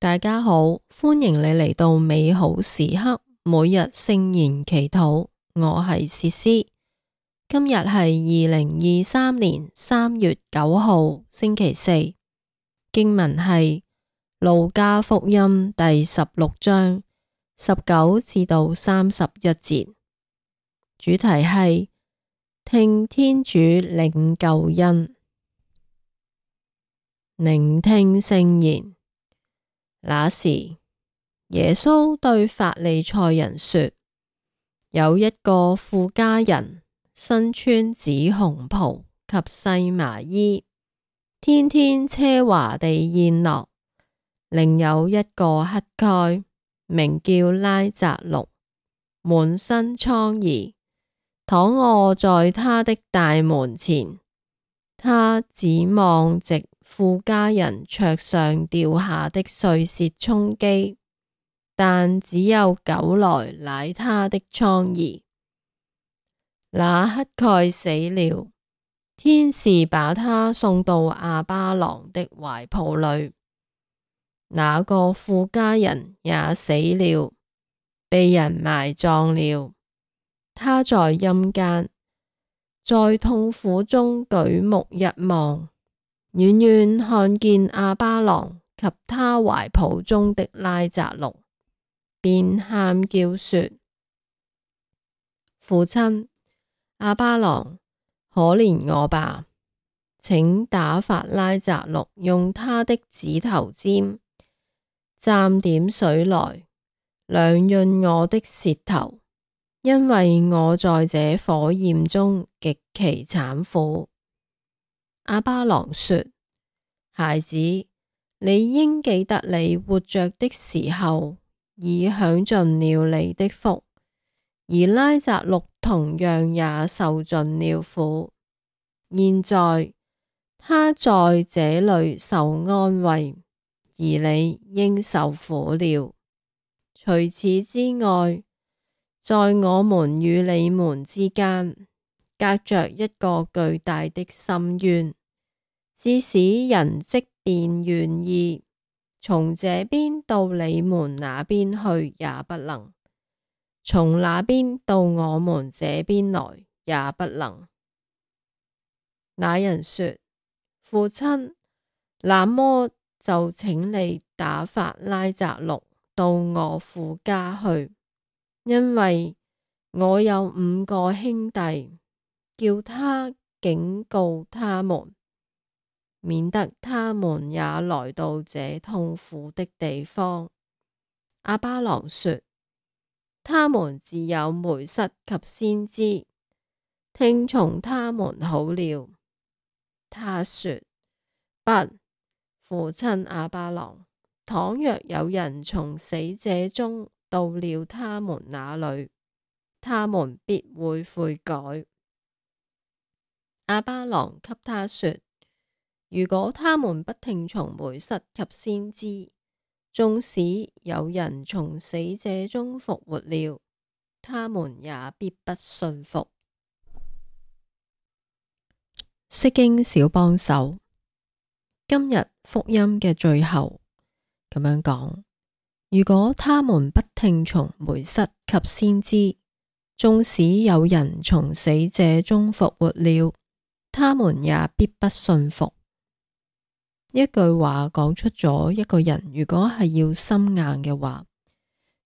大家好，歡迎你嚟到美好時刻每日聖言祈禱。我係薛詩，今日係二零二三年三月九號星期四。經文係路加福音第十六章十九至到三十一節。主題係聽天主領救恩，聆聽聖言。那時，耶穌對法利塞人說：有一個富家人，身穿紫紅袍及細麻衣，天天奢華地宴樂；另有一個乞丐，名叫拉匝祿，滿身瘡痍，躺臥在他的大門前，他指望藉。富家人桌上掉下的碎屑充饑，但只有狗來舐他的瘡痍。那乞丐死了，天使把他送到亞巴郎的懷抱裏。那個富家人也死了，被人埋葬了。他在陰間，在痛苦中舉目一望，遠遠看見亞巴郎及他懷抱中的拉匝祿，便喊叫說：父親，亞巴郎，可憐我吧，請打發拉匝祿用他的指頭尖蘸點水來，涼潤我的舌頭，因為我在這火焰中極其慘苦。亞巴郎說：孩子，你應記得你活着的時候，已享盡了你的福，而拉匝祿同樣也受盡了苦。現在，他在這裏受安慰，而你應受苦了。除此之外，在我們與你們之間，隔着一個巨大的深淵。致使人即便願意從這邊到你們那邊去，也不能從那邊到我們這邊來，也不能。那人說：父親，那麼就請你打發拉匝祿到我父家去，因為我有五個兄弟，叫他警告他們。免得他們也來到這痛苦的地方，亞巴郎說：他們自有梅瑟及先知，聽從他們好了。他說：不，父親亞巴郎，倘若有人從死者中到了他們那裏，他們必會悔改。亞巴郎給他說。如果他們不聽從梅瑟及先知，縱使有人從死者中復活了，他們也必不信服。釋經小幫手，今日福音嘅最後咁樣講：如果他們不聽從梅瑟及先知，縱使有人從死者中復活了，他們也必不信服。一句話講出咗一個人，如果係要心硬嘅話，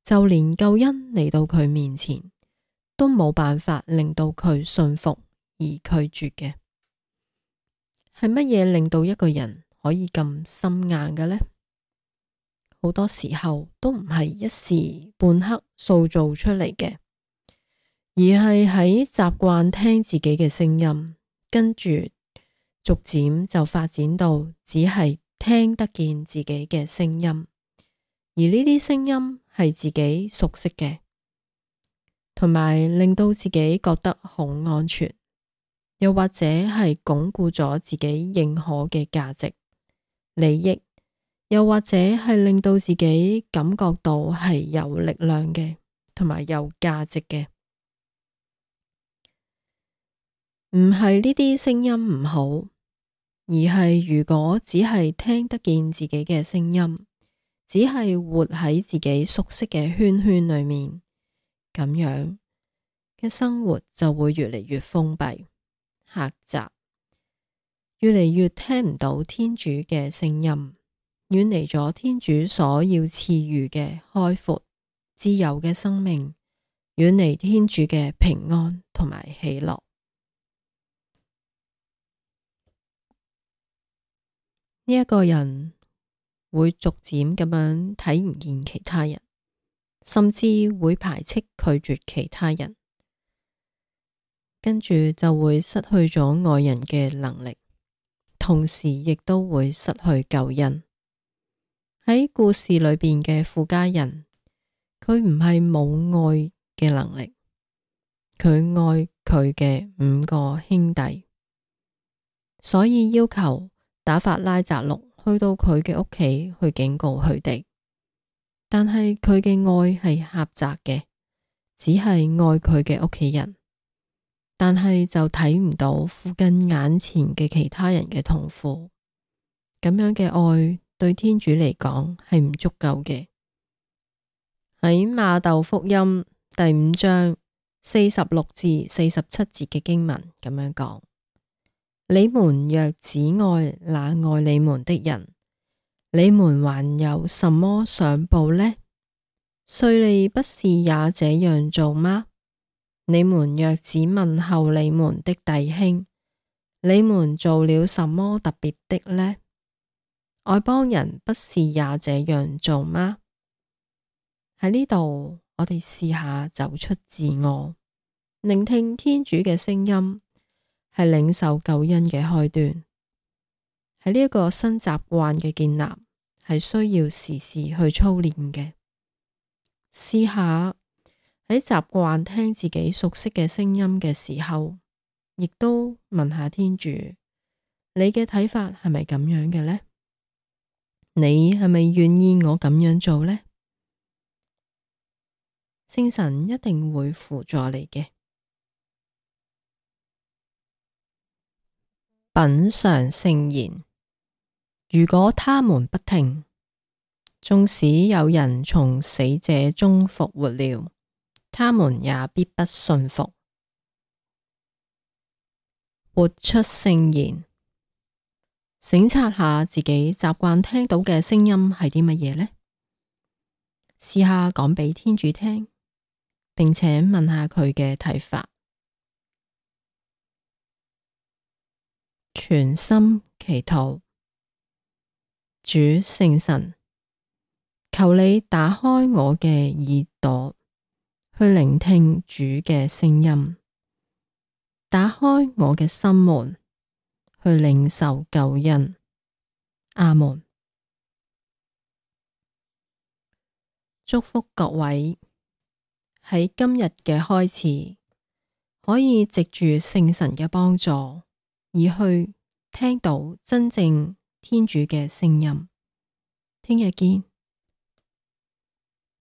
就連救恩嚟到佢面前，都冇辦法令到佢信服而拒絕嘅。係乜嘢令到一個人可以咁心硬嘅呢？好多時候都唔係一時半刻塑造出嚟嘅，而係喺習慣聽自己嘅聲音，跟住，逐漸就發展到只係聽得見自己嘅聲音，而呢啲聲音係自己熟悉嘅，同埋令到自己覺得好安全，又或者係鞏固咗自己認可嘅價值、利益，又或者係令到自己感覺到係有力量嘅，同埋有價值嘅。唔係呢啲聲音唔好。而係如果只係聽得見自己嘅聲音，只係活喺自己熟悉嘅圈圈裏面，咁樣嘅生活就會越嚟越封閉、狹窄，越嚟越聽唔到天主嘅聲音，遠離咗天主所要賜予嘅開闊、自由嘅生命，遠離天主嘅平安同埋喜樂。呢一個人會逐漸咁樣睇唔見其他人，甚至會排斥拒絕其他人，跟住就會失去咗愛人嘅能力，同時亦都會失去救恩。喺故事裏邊嘅富家人，佢唔係冇愛嘅能力，佢愛佢嘅五個兄弟，所以要求。打發拉匝祿去到佢嘅屋企去警告佢哋，但係佢嘅愛係狹窄嘅，只係愛佢嘅屋企人，但係就睇唔到附近眼前嘅其他人嘅痛苦。咁樣嘅愛對天主嚟講係唔足夠嘅。喺馬竇福音第五章四十六至四十七節嘅經文咁樣講。你們若只愛那愛你們的人，你們還有什麼賞報呢？稅吏不是也這樣做嗎？你們若只問候你們的弟兄，你們做了什麼特別的呢？外邦人不是也這樣做嗎？喺呢度，我哋試下走出自我，聆聽天主嘅聲音。係領受救恩嘅開端，喺呢一個新習慣嘅建立，係需要時時去操練嘅。試下喺習慣聽自己熟悉嘅聲音嘅時候，亦都問下天主，你嘅睇法係咪咁樣嘅呢？你係咪願意我咁樣做呢？聖神一定會輔助你嘅。品嘗聖言，如果他們不聽，縱使有人從死者中復活了，他們也必不信服。活出聖言，省察下自己習慣聽到嘅聲音係啲乜嘢呢？試下講俾天主聽，並且問下佢嘅睇法。全心祈禱，主聖神，求你打開我嘅耳朵，去聆聽主嘅聲音；打開我嘅心門，去領受救恩。阿門。祝福各位喺今日嘅開始，可以藉住聖神嘅幫助而去。聽到真正天主嘅聲音，聽日見。